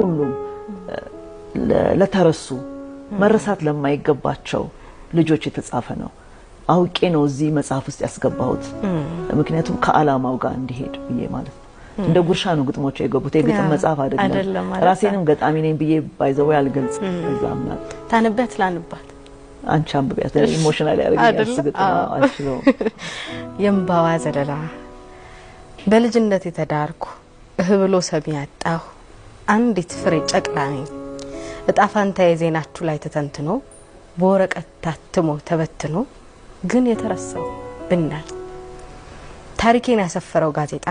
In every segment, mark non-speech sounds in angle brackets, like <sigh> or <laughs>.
ሁሉም ለተረሱ መረሳት ለማይገባቸው ልጆች የተጻፈ ነው። አውቄ ነው እዚህ መጽሐፍ ውስጥ ያስገባሁት፣ ምክንያቱም ከአላማው ጋር እንዲሄድ ብዬ ማለት ነው። እንደ ጉርሻ ነው ግጥሞች የገቡት። የግጥም መጽሐፍ አደለም ራሴንም ገጣሚ ነኝ ብዬ ባይዘው ያልገልጽ እዛም ታንበት ላንባት አንቺ አንብቢያት ኢሞሽናል ያደረገኝ ግጥም <laughs> ዘለላ በልጅነት የተዳርኩ እህብሎ ሰሚ ያጣሁ አንዲት ፍሬ ጨቅላ ነኝ። እጣ ፋንታዬ ላይ ተተንትኖ በወረቀት ታትሞ ተበትኖ ግን የተረሳው ብናኝ ታሪኬን ያሰፈረው ጋዜጣ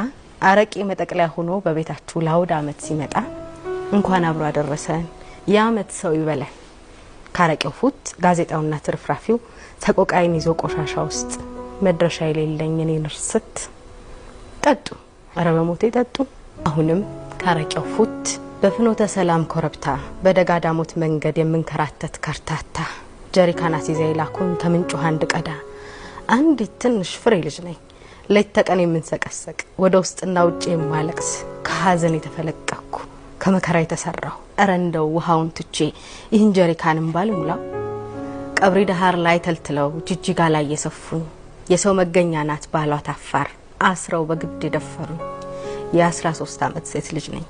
አረቄ መጠቅለያ ሆኖ በቤታችሁ ለአውደ አመት ሲመጣ እንኳን አብሮ አደረሰን የዓመት ሰው ይበላል። ካረቄው ፉት ጋዜጣውና ትርፍራፊው ሰቆቃይን ይዞ ቆሻሻ ውስጥ መድረሻ የሌለኝ እኔን እርስት ጠጡ፣ ኧረ በሞቴ ጠጡ አሁንም ታረቂያው ፉት በፍኖተ ሰላም ኮረብታ በደጋዳሞት መንገድ የምንከራተት ከርታታ ጀሪካን አስይዛ የላኩን ከምንጭ ውሃ ቀዳ አንዲት ትንሽ ፍሬ ልጅ ነኝ ሌት ተቀን የምንሰቀሰቅ ወደ ውስጥና ውጭ የማለቅስ ከሀዘን የተፈለቀኩ ከመከራ የተሰራው እረ ውሃውን ትቼ ይህን ጀሪካንም ባልሙላው ቀብሪ ዳሃር ላይ ተልትለው ጅጅጋ ላይ የሰፉኝ የሰው መገኛ ናት ባሏት አፋር አስረው በግድ የደፈሩኝ የ13 ዓመት ሴት ልጅ ነኝ።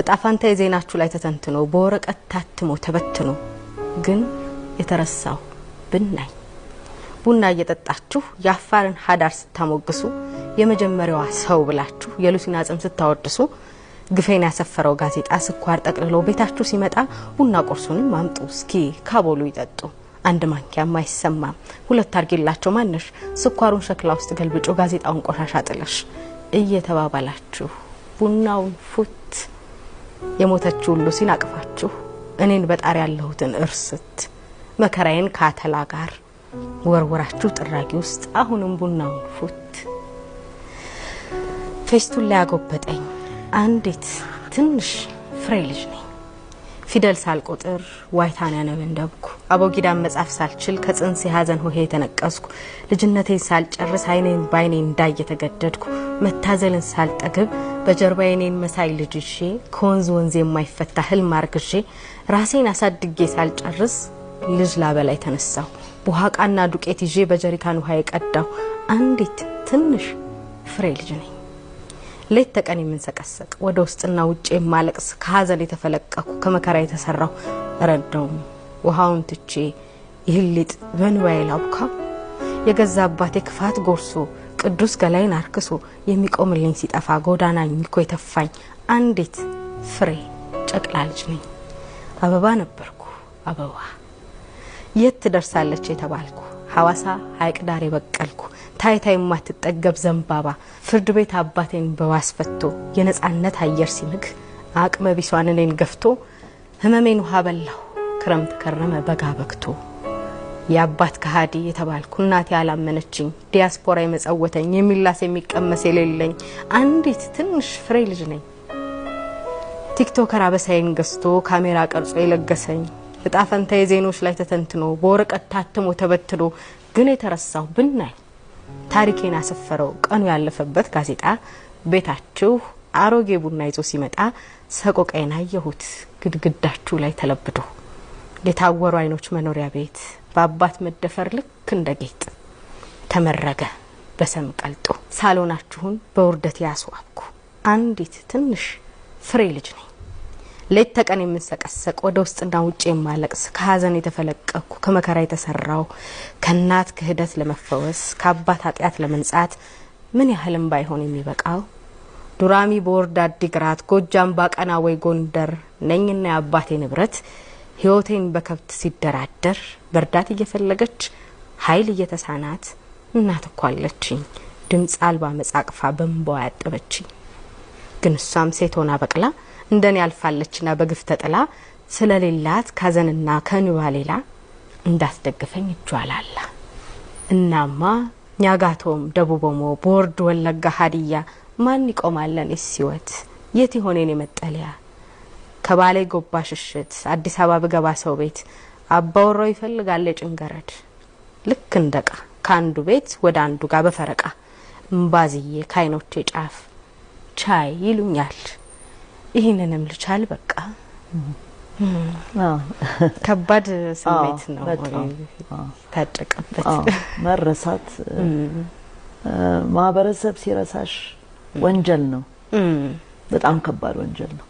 እጣፋንታ የዜናችሁ ላይ ተተንትኖ በወረቀት ታትሞ ተበትኖ ግን የተረሳሁ ብናኝ ቡና እየጠጣችሁ የአፋርን ሀዳር ስታሞግሱ የመጀመሪያዋ ሰው ብላችሁ የሉሲን አጽም ስታወድሱ ግፌን ያሰፈረው ጋዜጣ ስኳር ጠቅልሎ ቤታችሁ ሲመጣ ቡና ቁርሱንም አምጡ እስኪ ካቦሉ ይጠጡ። አንድ ማንኪያም አይሰማም። ሁለት አርጌላቸው ማነሽ ስኳሩን ሸክላ ውስጥ ገልብጮ ጋዜጣውን ቆሻሻ ጥለሽ እየተባባላችሁ ቡናውን ፉት የሞተችውን ሉሲን አቅፋችሁ እኔን በጣሪ ያለሁትን እርስት መከራዬን ካተላ ጋር ወርወራችሁ ጥራጊ ውስጥ አሁንም ቡናውን ፉት። ፌስቱን ላይ ያጎበጠኝ አንዲት ትንሽ ፍሬ ልጅ ነኝ። ፊደል ሳልቆጥር ዋይታን ያነበንደብኩ አቦጊዳን መጻፍ ሳልችል ከጽንስ ሀዘን ሆሄ የተነቀስኩ ልጅነቴን ሳልጨርስ አይኔን ባይኔ እንዳይ የተገደድኩ መታዘልን ሳልጠግብ በጀርባ የኔን መሳይ ልጅ ከወንዝ ወንዝ የማይፈታ ህልም አርግዤ ራሴን አሳድጌ ሳልጨርስ ልጅ ላበላይ ተነሳሁ። ቡሃቃና ዱቄት ይዤ በጀሪካን ውሃ የቀዳሁ አንዲት ትንሽ ፍሬ ልጅ ነኝ። ሌት ተቀን የምንሰቀሰቅ ወደ ውስጥና ውጭ የማለቅስ ከሀዘን የተፈለቀኩ ከመከራ የተሰራው ረዳውም ውሃውን ትቼ ይህን ሊጥ በንባዬ ላቡካው የገዛ አባቴ ክፋት ጎርሶ ቅዱስ ገላይን አርክሶ የሚቆምልኝ ሲጠፋ ጎዳና እኮ የተፋኝ አንዲት ፍሬ ጨቅላ ልጅ ነኝ። አበባ ነበርኩ አበባ የት ትደርሳለች የተባልኩ ሐዋሳ ሐይቅ ዳር የበቀልኩ ታይታ የማትጠገብ ዘንባባ ፍርድ ቤት አባቴን በዋስፈቶ ፈቶ የነፃነት አየር ሲንግ አቅመ ቢሷን እኔን ገፍቶ ህመሜን ውሃ በላሁ ክረምት ከረመ በጋ በግቶ የአባት ከሃዲ የተባልኩ እናቴ ያላመነችኝ ዲያስፖራ የመጸወተኝ የሚላስ የሚቀመስ የሌለኝ አንዲት ትንሽ ፍሬ ልጅ ነኝ ቲክቶከር አበሳዬን ገዝቶ ካሜራ ቀርጾ የለገሰኝ እጣ ፈንታዬ ዜኖች ላይ ተተንትኖ በወረቀት ታትሞ ተበትኖ ግን የተረሳው ብናይ ታሪኬን አሰፈረው ቀኑ ያለፈበት ጋዜጣ ቤታችሁ አሮጌ ቡና ይዞ ሲመጣ ሰቆቃዬን አየሁት ግድግዳችሁ ላይ ተለብዶ የታወሩ አይኖች መኖሪያ ቤት በአባት መደፈር ልክ እንደ ጌጥ ተመረገ በሰም ቀልጦ ሳሎናችሁን በውርደት ያስዋብኩ አንዲት ትንሽ ፍሬ ልጅ ነኝ። ሌት ተቀን የምንሰቀሰቅ ወደ ውስጥና ውጭ የማለቅስ ከሀዘን የተፈለቀኩ ከመከራ የተሰራው ከእናት ክህደት ለመፈወስ ከአባት ኃጢአት ለመንጻት ምን ያህልም ባይሆን የሚበቃው ዱራሚ በወርድ አዲግራት ጎጃም ባቀና ወይ ጎንደር ነኝና የአባቴ ንብረት ህይወቴን በከብት ሲደራደር በእርዳት እየፈለገች ኃይል እየተሳናት እናት እኮ ድምፅ አልባ መጻቅፋ በንባዋ ያጠበችኝ ግን እሷም ሴት ሆና በቅላ እንደኔ አልፋለችና በግፍ ተጥላ ስለሌላት ካዘንና ከንባ ሌላ እንዳስደግፈኝ እጇላላ እናማ ኛጋቶም ደቡቦሞ ቦርድ ወለጋ ሀዲያ ማን ይቆማለን ሲወት የት የሆኔን የመጠለያ ከባሌ ጎባ ሽሽት አዲስ አበባ ብገባ ሰው ቤት አባወራው ይፈልጋል ጭንገረድ ልክ እንደቃ ከአንዱ ቤት ወደ አንዱ ጋር በፈረቃ እምባዝዬ ካይኖቼ ጫፍ ቻይ ይሉኛል ይህንንም ልቻል በቃ ከባድ ስሜት ነው ታጨቀበት። መረሳት ማህበረሰብ ሲረሳሽ ወንጀል ነው፣ በጣም ከባድ ወንጀል ነው።